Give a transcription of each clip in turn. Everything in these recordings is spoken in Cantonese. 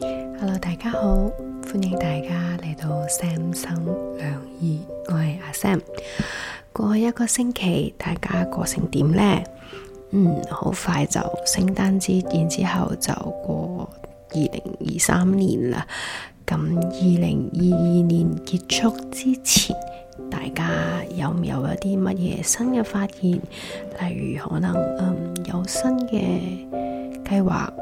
Hello，大家好，歡迎大家嚟到 Sam 心兩意，我係阿 Sam。過去一個星期，大家過成點呢？嗯，好快就聖誕節，然之後就過二零二三年啦。咁二零二二年結束之前，大家有唔有一啲乜嘢新嘅發現？例如可能、嗯、有新嘅計劃。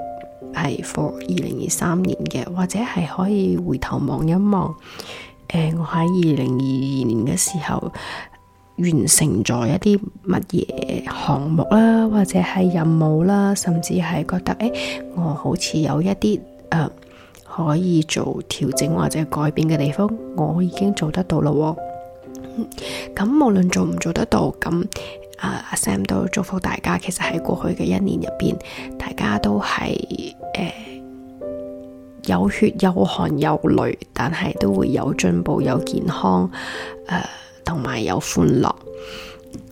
係 for 二零二三年嘅，或者係可以回頭望一望，誒、呃，我喺二零二二年嘅時候完成咗一啲乜嘢項目啦，或者係任務啦，甚至係覺得誒、欸，我好似有一啲誒、呃、可以做調整或者改變嘅地方，我已經做得到咯。咁、嗯、無論做唔做得到，咁。阿、uh, Sam 都祝福大家。其實喺過去嘅一年入邊，大家都係誒、uh, 有血有汗有淚，但係都會有進步，有健康，誒同埋有歡樂。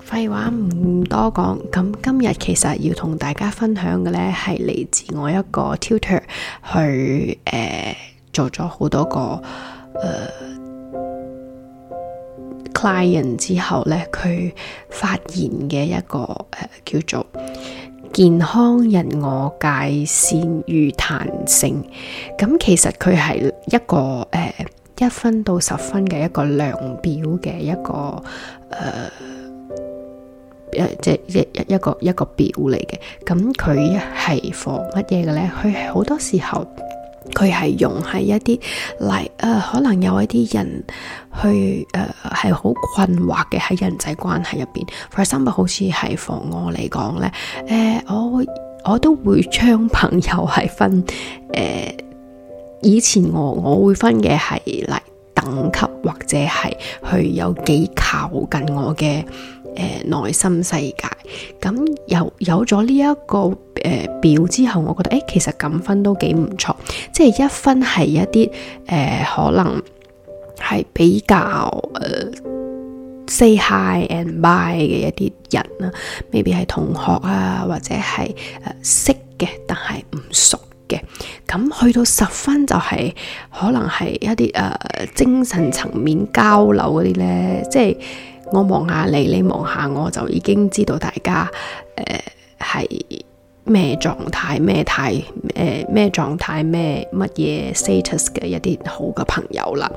廢話唔多講，咁今日其實要同大家分享嘅呢，係嚟自我一個 Tutor 去誒、uh, 做咗好多個誒。Uh, Client 之後咧，佢發現嘅一個誒、呃、叫做健康人我界線與彈性，咁、嗯、其實佢係一個誒、呃、一分到十分嘅一個量表嘅一個誒誒即一一個一個,一個表嚟嘅，咁佢係防乜嘢嘅咧？佢好多時候。佢係用喺一啲嚟，誒、呃、可能有一啲人去，誒係好困惑嘅喺人際關係入邊。第三步好似係 for 我嚟講咧，誒、呃、我我都會將朋友係分，誒、呃、以前我我會分嘅係嚟等級或者係去有幾靠近我嘅。誒、呃、內心世界，咁有有咗呢一個誒、呃、表之後，我覺得誒、欸、其實感分都幾唔錯，即係一分係一啲誒、呃、可能係比較誒、呃、say hi and bye 嘅一啲人啦，未必係同學啊，或者係誒、呃、識嘅但係唔熟嘅，咁去到十分就係、是、可能係一啲誒、呃、精神層面交流嗰啲咧，即係。我望下你，你望下我，就已經知道大家，誒係咩狀態咩態，誒咩狀態咩乜嘢 status 嘅一啲好嘅朋友啦。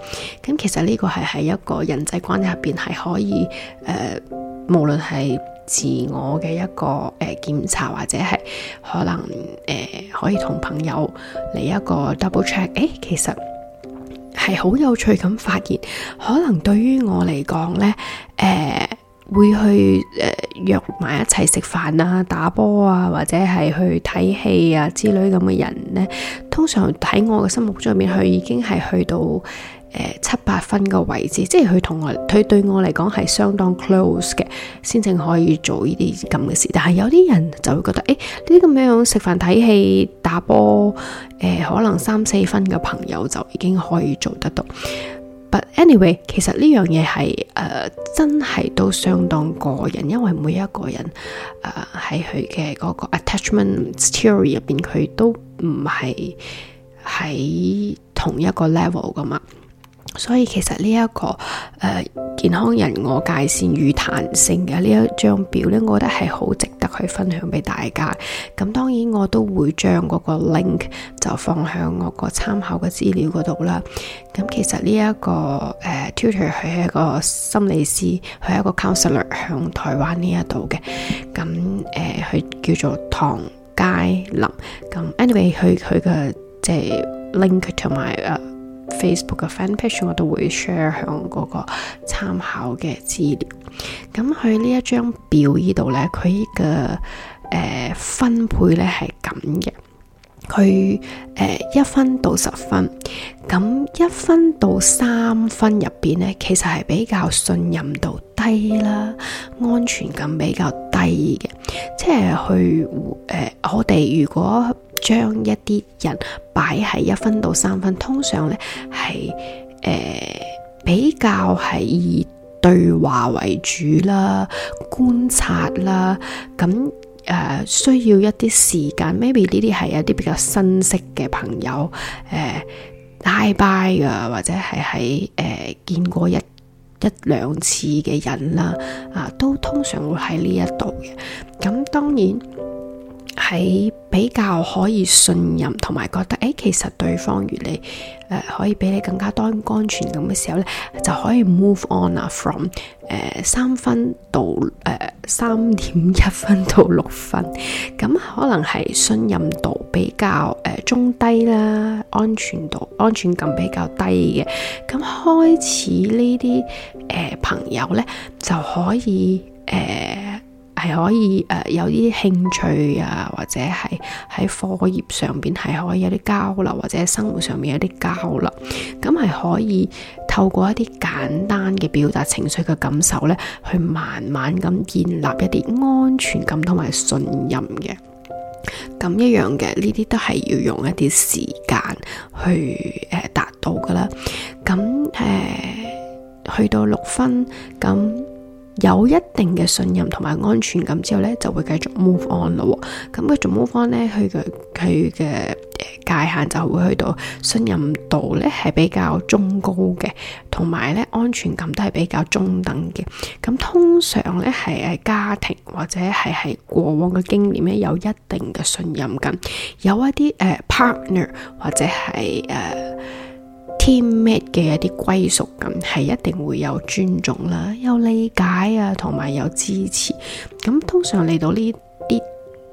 咁其實呢個係喺一個人際關係入邊係可以，誒、呃、無論係自我嘅一個誒檢、呃、查，或者係可能誒、呃、可以同朋友嚟一個 double check，誒、欸、其實。係好有趣咁發現，可能對於我嚟講呢，誒、呃、會去誒、呃、約埋一齊食飯啊、打波啊，或者係去睇戲啊之類咁嘅人呢，通常喺我嘅心目中入面，佢已經係去到。誒、呃、七八分嘅位置，即係佢同我，佢對我嚟講係相當 close 嘅，先至可以做呢啲咁嘅事。但係有啲人就會覺得，誒，呢啲咁樣食飯、睇戲、打波，誒、呃、可能三四分嘅朋友就已經可以做得到。But anyway，其實呢樣嘢係誒真係都相當個人，因為每一個人誒喺佢嘅嗰個 attachment theory 入邊，佢都唔係喺同一個 level 㗎嘛。所以其實呢、這、一個誒、呃、健康人我界線與彈性嘅呢一張表咧，我覺得係好值得去分享俾大家。咁當然我都會將嗰個 link 就放響我個參考嘅資料嗰度啦。咁其實呢、這、一個誒 tutor 佢係一個心理師，佢係一個 counselor 向台灣呢一度嘅。咁誒佢叫做唐佳琳。咁 anyway，佢佢嘅即係 link 同埋誒。Uh, Facebook 嘅 fan page 我都會 share 響嗰個參考嘅資料，咁佢呢一張表依度咧，佢依個誒分配咧係咁嘅，佢誒一分到十分，咁一分到三分入邊咧，其實係比較信任度低啦，安全感比較低嘅，即係去誒我哋如果。將一啲人擺喺一分到三分，通常咧係誒比較係以對話為主啦，觀察啦，咁誒、呃、需要一啲時間。maybe 呢啲係有啲比較新識嘅朋友誒、呃、拜拜㗎，或者係喺誒見過一一兩次嘅人啦，啊都通常會喺呢一度嘅。咁當然。你比較可以信任同埋覺得誒、欸，其實對方如你誒、呃、可以俾你更加多安全感嘅時候咧，就可以 move on 啊，from 誒、呃、三分到誒三點一分到六分，咁可能係信任度比較誒、呃、中低啦，安全度、安全感比較低嘅，咁開始呢啲誒朋友咧就可以誒。呃係可以誒、呃，有啲興趣啊，或者係喺課業上面係可以有啲交流，或者生活上面有啲交流，咁係可以透過一啲簡單嘅表達情緒嘅感受咧，去慢慢咁建立一啲安全感同埋信任嘅。咁一樣嘅，呢啲都係要用一啲時間去誒、呃、達到噶啦。咁誒、呃、去到六分咁。有一定嘅信任同埋安全感之後呢，就會繼續 move on 咯。咁、嗯、繼續 move on 呢，佢嘅佢嘅界限就會去到信任度呢係比較中高嘅，同埋呢安全感都係比較中等嘅。咁、嗯、通常呢係係家庭或者係係過往嘅經驗呢，有一定嘅信任感，有一啲誒、uh, partner 或者係誒。Uh, 天 e 嘅一啲歸屬感係一定會有尊重啦，有理解啊，同埋有，有支持。咁通常嚟到呢啲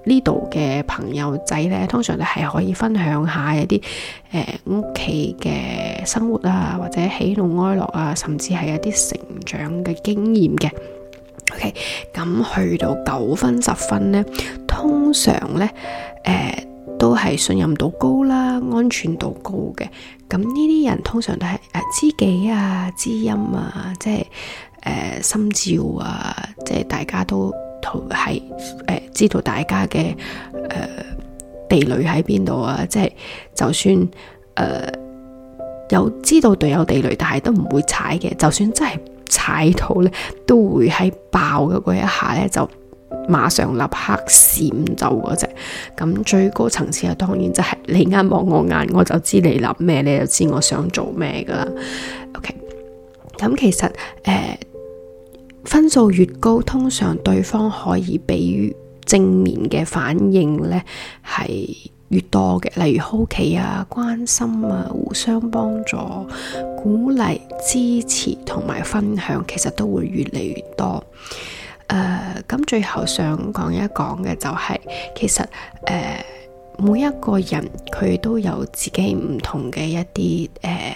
呢度嘅朋友仔呢，通常你係可以分享一下一啲誒屋企嘅生活啊，或者喜怒哀樂啊，甚至係一啲成長嘅經驗嘅。OK，咁去到九分十分呢，通常呢。誒、呃。都係信任度高啦，安全度高嘅。咁呢啲人通常都係誒知己啊、知音啊，即係誒、呃、心照啊，即係大家都同係誒、呃、知道大家嘅誒、呃、地雷喺邊度啊。即係就算誒、呃、有知道隊友地雷，但係都唔會踩嘅。就算真係踩到咧，都會喺爆嘅嗰一下咧就。馬上立刻閃走嗰隻，咁最高層次啊，當然就係你眼望我眼，我就知你諗咩，你就知我想做咩噶啦。OK，咁其實誒、呃，分數越高，通常對方可以俾正面嘅反應呢係越多嘅，例如好奇啊、關心啊、互相幫助、鼓勵、支持同埋分享，其實都會越嚟越多。誒，咁、uh, 最後想講一講嘅就係、是，其實誒，uh, 每一個人佢都有自己唔同嘅一啲誒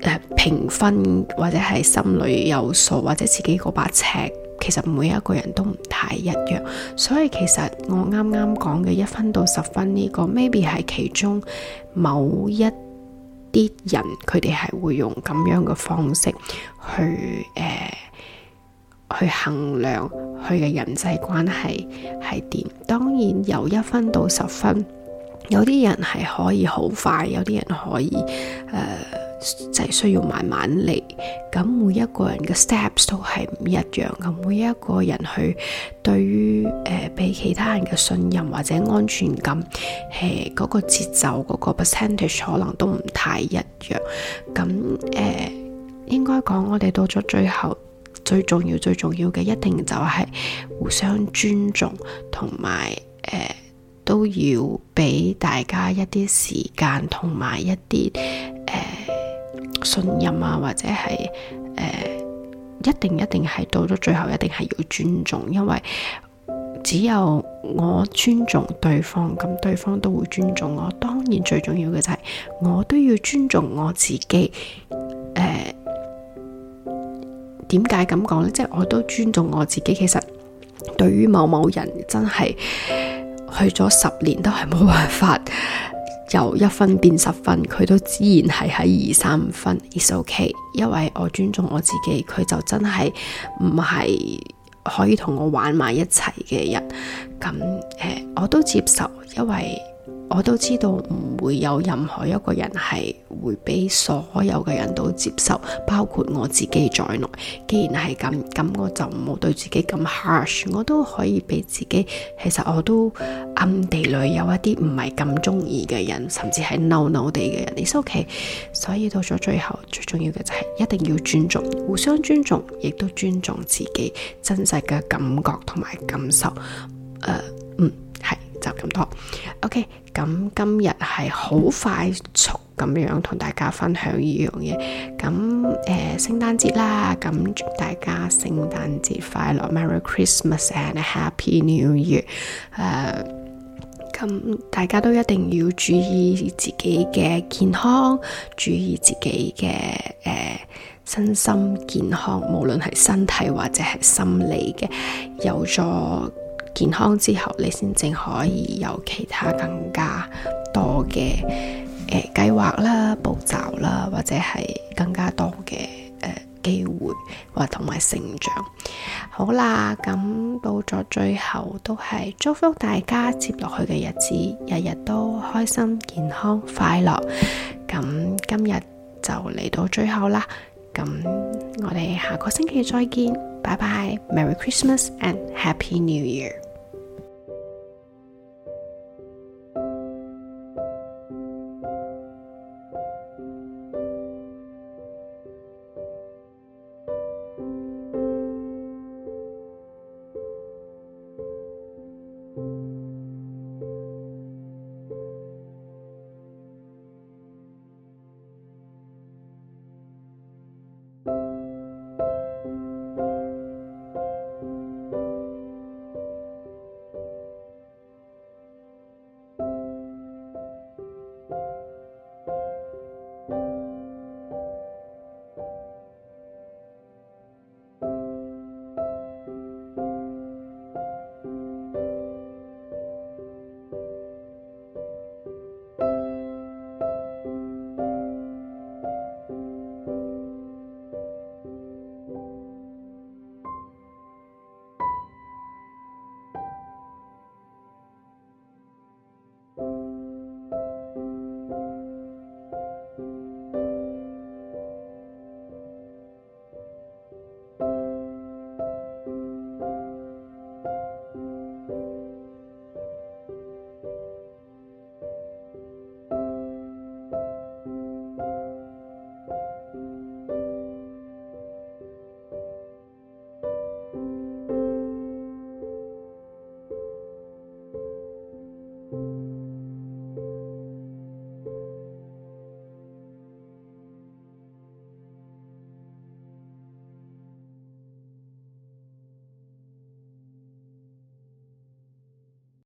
誒評分，或者係心裏有數，或者自己嗰把尺，其實每一個人都唔太一樣。所以其實我啱啱講嘅一分到十分呢、這個，maybe 係其中某一啲人佢哋係會用咁樣嘅方式去誒。Uh, 去衡量佢嘅人際關係係點，當然由一分到十分，有啲人係可以好快，有啲人可以，誒、呃、就係、係、需要慢慢嚟。咁每一個人嘅 steps 都係唔一樣，咁每一個人去對於誒俾其他人嘅信任或者安全感，誒嗰、嗰個節奏嗰、嗰個 percentage 可能都唔太一樣，咁誒、呃、應該講我哋到咗最後。最重要、最重要嘅一定就係互相尊重，同埋誒都要俾大家一啲時間，同埋一啲誒、呃、信任啊，或者係誒、呃、一定一定係到咗最後，一定係要尊重，因為只有我尊重對方，咁對方都會尊重我。當然最重要嘅就係我都要尊重我自己。點解咁講呢？即係我都尊重我自己。其實對於某某人，真係去咗十年都係冇辦法由一分變十分，佢都依然係喺二三分，It's OK，因為我尊重我自己，佢就真係唔係可以同我玩埋一齊嘅人。咁誒、呃，我都接受，因為。我都知道唔會有任何一個人係會俾所有嘅人都接受，包括我自己在內。既然係咁，咁我就唔好對自己咁 harsh，我都可以俾自己。其實我都暗地裏有一啲唔係咁中意嘅人，甚至係嬲嬲哋嘅人。你收氣，所以到咗最後，最重要嘅就係一定要尊重，互相尊重，亦都尊重自己真實嘅感覺同埋感受。誒、uh。咁 OK 咁今日係好快速咁樣同大家分享呢樣嘢，咁誒，聖誕節啦，咁祝大家聖誕節快樂，Merry Christmas and Happy New Year，誒，咁大家都一定要注意自己嘅健康，注意自己嘅誒、呃、身心健康，無論係身體或者係心理嘅，有咗。健康之後，你先正可以有其他更加多嘅誒、呃、計劃啦、步驟啦，或者係更加多嘅誒、呃、機會或同埋成長。好啦，咁到咗最後都係祝福大家接落去嘅日子，日日都開心、健康、快樂。咁今日就嚟到最後啦，咁我哋下個星期再見，拜拜！Merry Christmas and Happy New Year！